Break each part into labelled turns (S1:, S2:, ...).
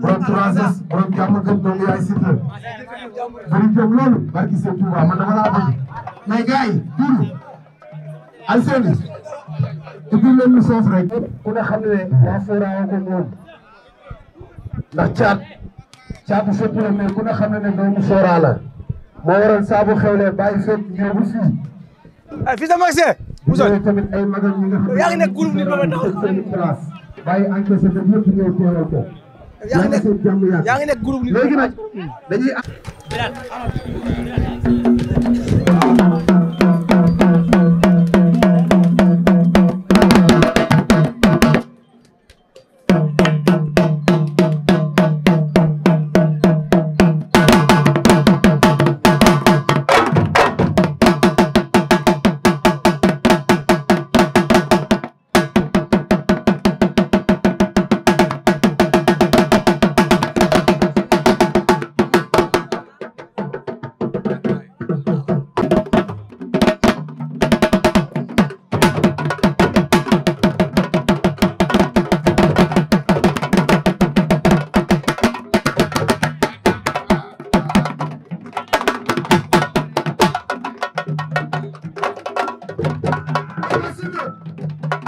S1: borom 3S borom jàmm gën doon yaay Siteu bëri jëm loolu barki seen Touba man dama laa bëgg mais gars yi duuru ay seeni ubbil leen lu soof rek ku ne xam ne waa la xam ne doomu Fora la moo waral saabu xew bàyyi fépp ñëw bu fii ay eh, fii sama se Moussa tamit ay magal ñi nga xam yaa ngi nekk groupe nit ba ma taxaw bàyyi encaissé ba ñëpp ñëw teewal yaa ngi nekk yaa ngi nekk groupe léegi nag dañuy.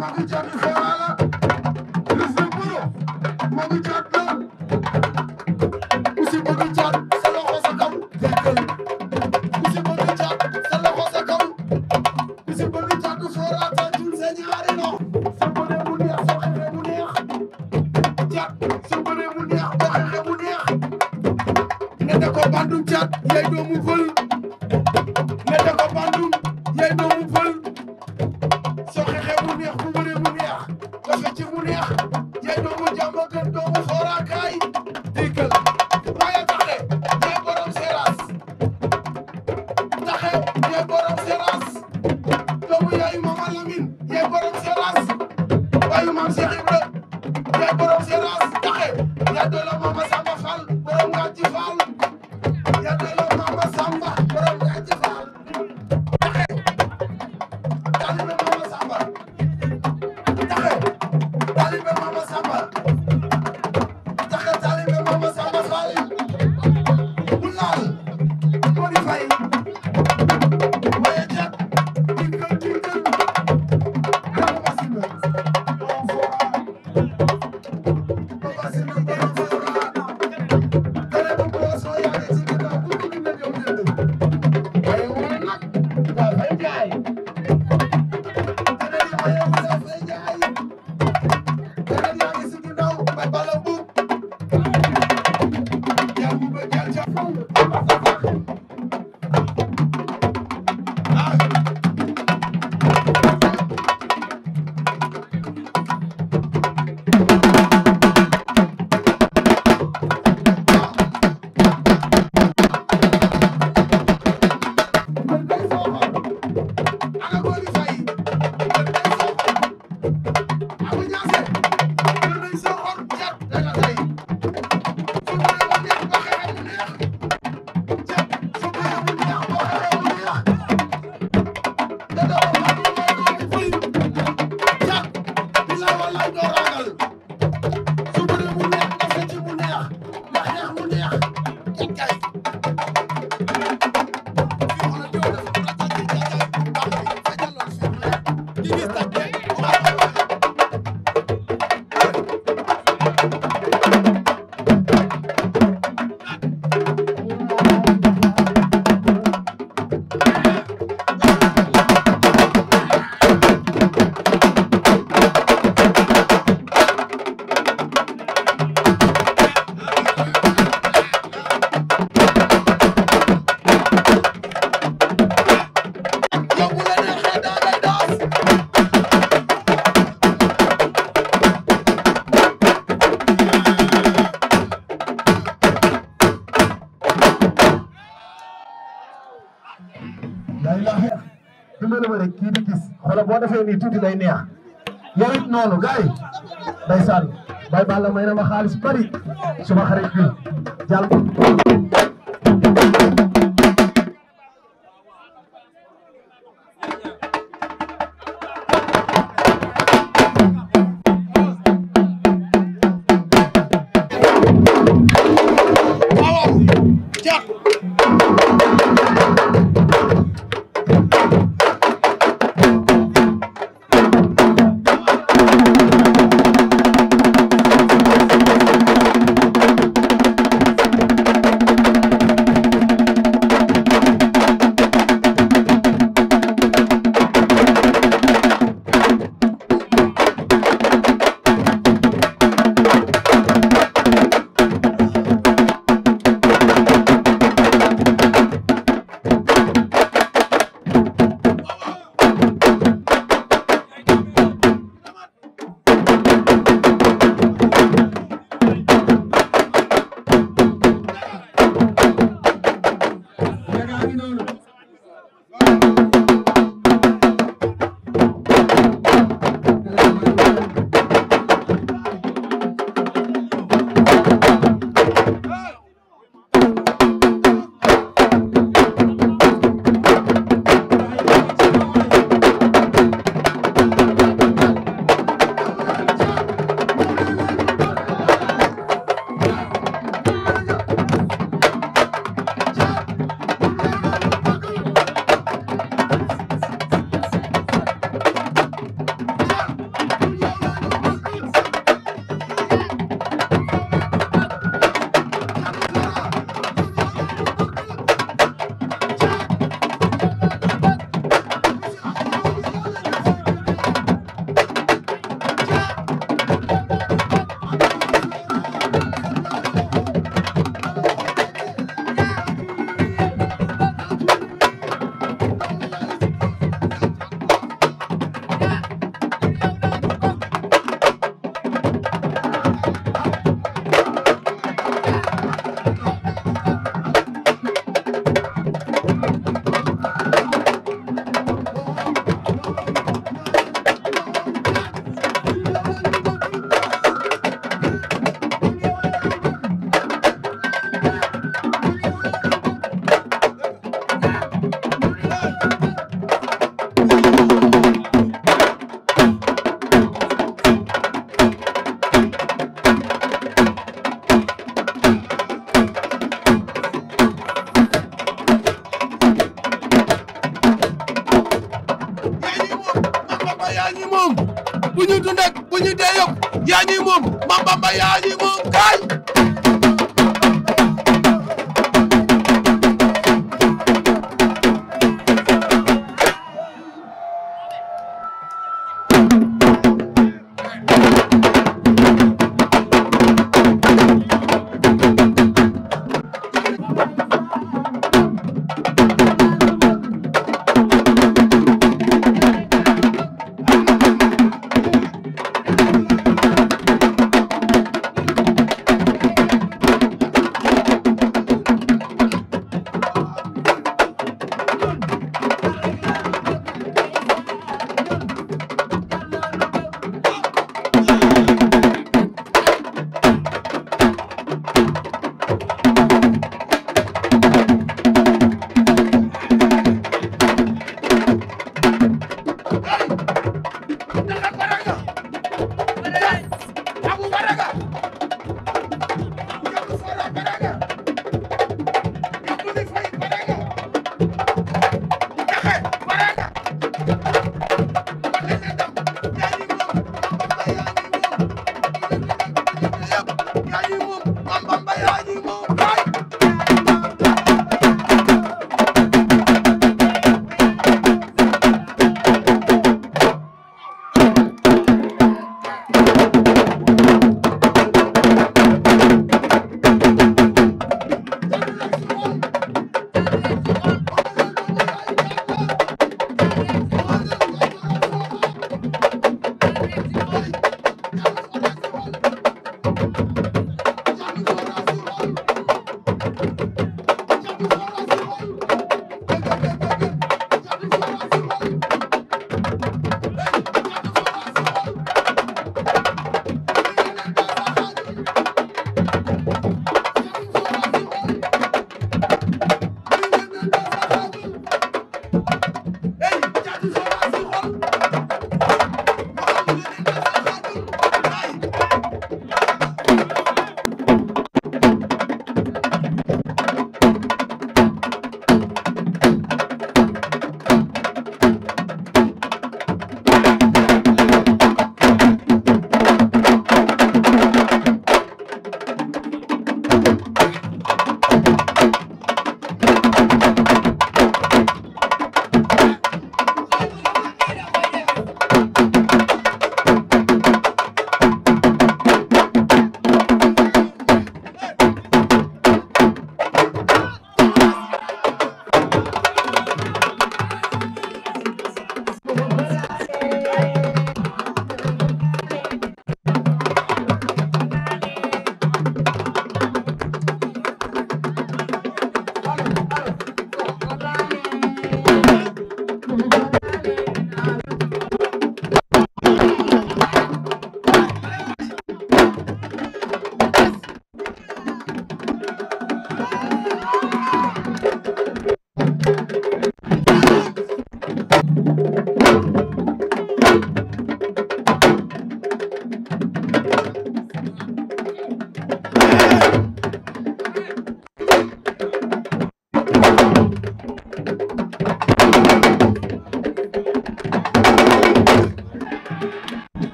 S1: Amadou Diagne Fera tuuti day neex yarit noonu gars yi day sànni bay balla may na ma xaalis bari suma xarit bi jàll bu ñu dund ak bu ñu dee yëpp yaa ñuy moom Mame Bamba yaa ñuy moom kaay the ball.